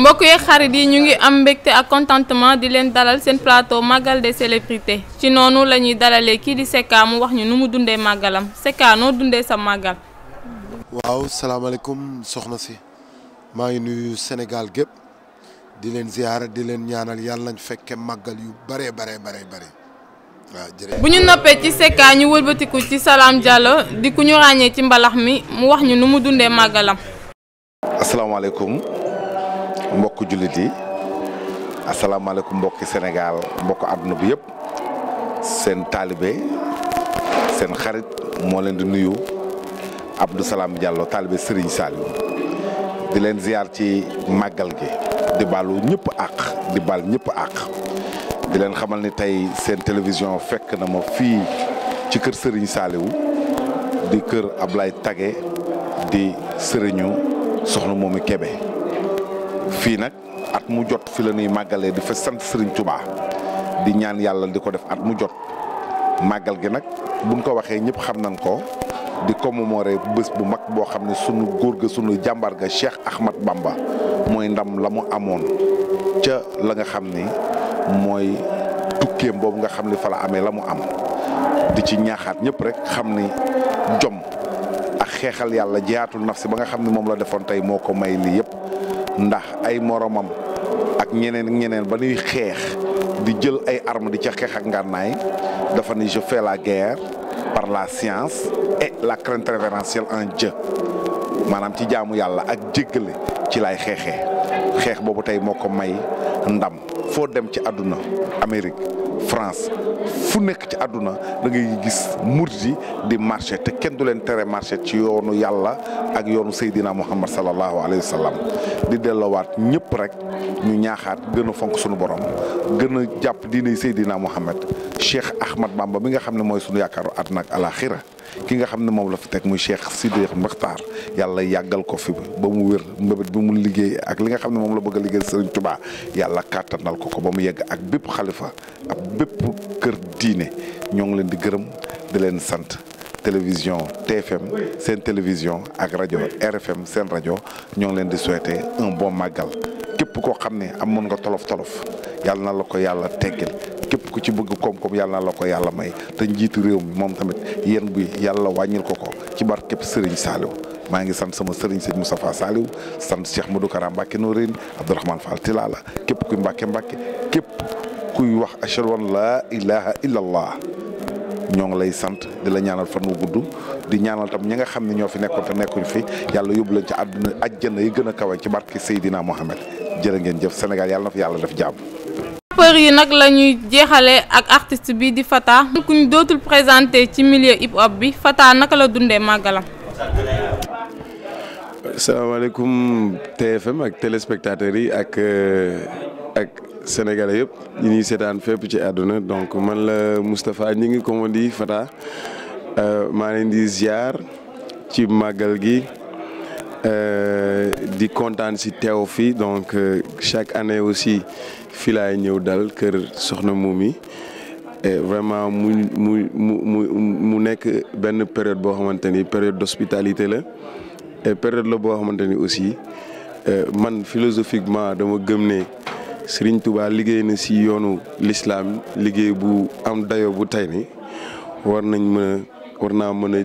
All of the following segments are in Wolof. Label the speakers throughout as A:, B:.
A: mbokk yi xarit yi ñu ngi am mbégte ak contentement di leen dalal seen plateau màggal des célébrités ci noonu la ñuy dalalee kii di Secka mu wax ñu nu mu dundee màggalam Secka noo dundee sa màggal.
B: waaw salaamaaleykum soxna si maa ngi nuyu Sénégal gépp di leen ziyaara di leen ñaanal yàlla nañ fekkee màggal yu bare bare bare bare waaw bu ñu noppee
A: ci Secka ñu wëlbatiku ci Salam Diallo di ku ñu ràññee ci mbalax mi mu wax ñu nu mu dundee màggalam.
C: asalaamaaleykum mbokk jullit yi asalaamaaleykum mbokki Sénégal mbokk àdduna bi yépp seen taalibe seen xarit moo leen di nuyu Abdou Salam Diallo taalibe Serigne Saliou di leen ziar ci màggal gi di baalu ñëpp àq baal ñëpp àq di leen xamal ni tey seen télévision fekk na ma fii ci kër Serigne Saliou di kër Ablaye tage di sëriñu soxna momi Kébé fi nak at mu jot fi la ñuy magalé di fa sante Serigne Touba di ñaan yalla di ko def at mu jot magal gi nak buñ ko waxé ñëpp xam nañ ko di commémorer bëss bu mag bo xamné suñu sunu ga sunu jambar ga Cheikh Ahmad Bamba moy ndam la mu amoon ca la nga xamné ni tukke tukkeem nga xamné fa la amé la am di ci ñaaxaat ñëpp rek xamné jom xéxal yalla jihaatul nafsi ba nga xamni mom la defon tay moko may li yépp ndax ay moromam ak ñeneen ñeneen ba ñuy xéx di jël ay arme di ci xéx ak ngarnaay dafa ni je fais la guerre par la science et la crainte révérentielle en Dieu manam ci jaamu yalla ak jéggale ci lay xeexee xeex bobu tay moko may ndam foo dem ci àdduna Amérique France fu nekk ci àdduna da ngay gis murit yi di marché te kenn du leen tere marché ci yoonu yàlla ak yoonu Seydina Muhammad sallallahu alayhi wa sallam di delloowaat ñëpp rek ñu ñaaxaat gën a fonk suñu borom gën a jàpp diine Seydina Muhammad Cheikh Ahmad Bamba bi nga xam ne mooy suñu yaakaaru àdduna ak alaxira ki nga xamne mom la fi teg muy Cheikh sidir Maxtaar yalla yagal ko fi ba mu wér mbébét bu mu liggéey ak li nga xamne mom la bëgg a liggéey Sëriñ Tuubaa yàlla kàttanal ko ko ba mu yegg ak bépp khalifa ak bépp kër diiné ñoo ngi leen di gërëm di leen sante télévision TFM sen télévision ak radio RFM sen radio ñoo ngi leen di souhaiter un bon magal képp ko xamne am mon nga tolof tolof yalla na la ko yàlla teggil képp ku ci bëgg koom-koom yàlla na la ko yàlla may te njiitu réew mi moom tamit yéen bi yàlla wàññil ko ko ci barkeb Serigne Saliou maa ngi sant sama sëriñ sëñ Moustapha Saliou sant Cheikh Modou Kara Mbacke Noreyni Abdourahmane Fall Tilala képp kuy Mbacke Mbacke képp kuy wax ashhadu an laa ilaha ñoo ngi lay sant di la ñaanal fan wu gudd di ñaanal tam ñi nga xam ne ñoo fi nekkoon te nekkuñ fi yàlla yóbbu leen ci àdduna ajjana yi gën a kawe ci barke Seydina Mohamed jërë ngeen jëf Sénégal yàlla na fi yàlla def
A: jàmm. rappeurs yi nak lañuy jéxalé ak artiste bi di Fata kuñ dootul présenter ci milieu hip hop bi Fata nak la dundé magalam màggalam.
B: asalaamaaleykum TFM ak téléspectateurs yi ak euh, ak sénégalais yépp ñi ñi seetaan fépp ci aduna donc man la Moustapha ñi ngi comme on dit Fata euh, maa leen di ziar ci magal gi. Euh, di kontaan ci teew fii donc euh, chaque année aussi fi laay ñëw dal kër Soxna mumi et vraiment mu mu mu nek ben période bo xamanteni période d'hospitalité la et période la bo xamanteni ni aussi euh, man philosophiquement dama gëm né Serigne Touba liggéey na ci yoonu l'islam liggéey bu am dayo bu tay ni war nañ mëna war na mëna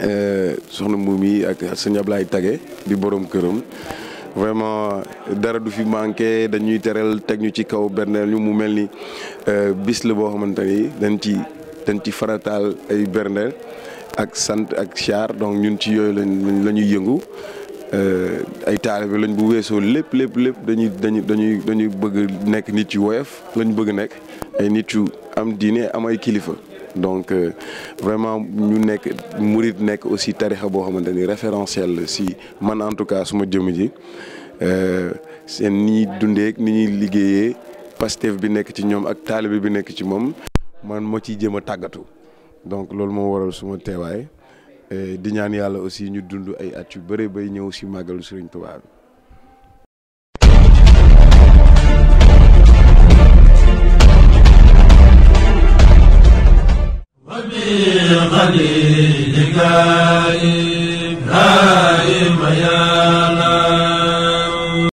B: Euh, soxna Moumi yi ak sëñ Ablaye Tage di borom këram vraiment dara du fi manqué dañuy teral teg ñu ci kaw berneel ñu mu mel ni euh, bis la boo xamante ni dañ ci dañ ci farataal ay berneel ak sant ak char donc ñun ci yooyu lañ la ñuy yëngu euh, ay bi lañ bu weesoo lépp lépp lépp dañuy dañuy dañuy dañuy bëgg nekk nit yu woyof lañ bëgg nekk ay nit yu am diine am ay kilifa. donc euh, vraiment ñu nekk murit nekk aussi tarixa boo xamante référentiel si man en tout cas suma jëm ji euh, seen ni ñuy ni ñi liggéeyee Pastef bi nek ci ñom ak talib bi nek ci mom man mo ci jëm tagatu. donc loolu mo waral suma teewaay di ñaan Yalla aussi ñu dund ay at yu bëre bay ñëw ci magal Serigne Touba.
A: خليلك إبراهيم يا الله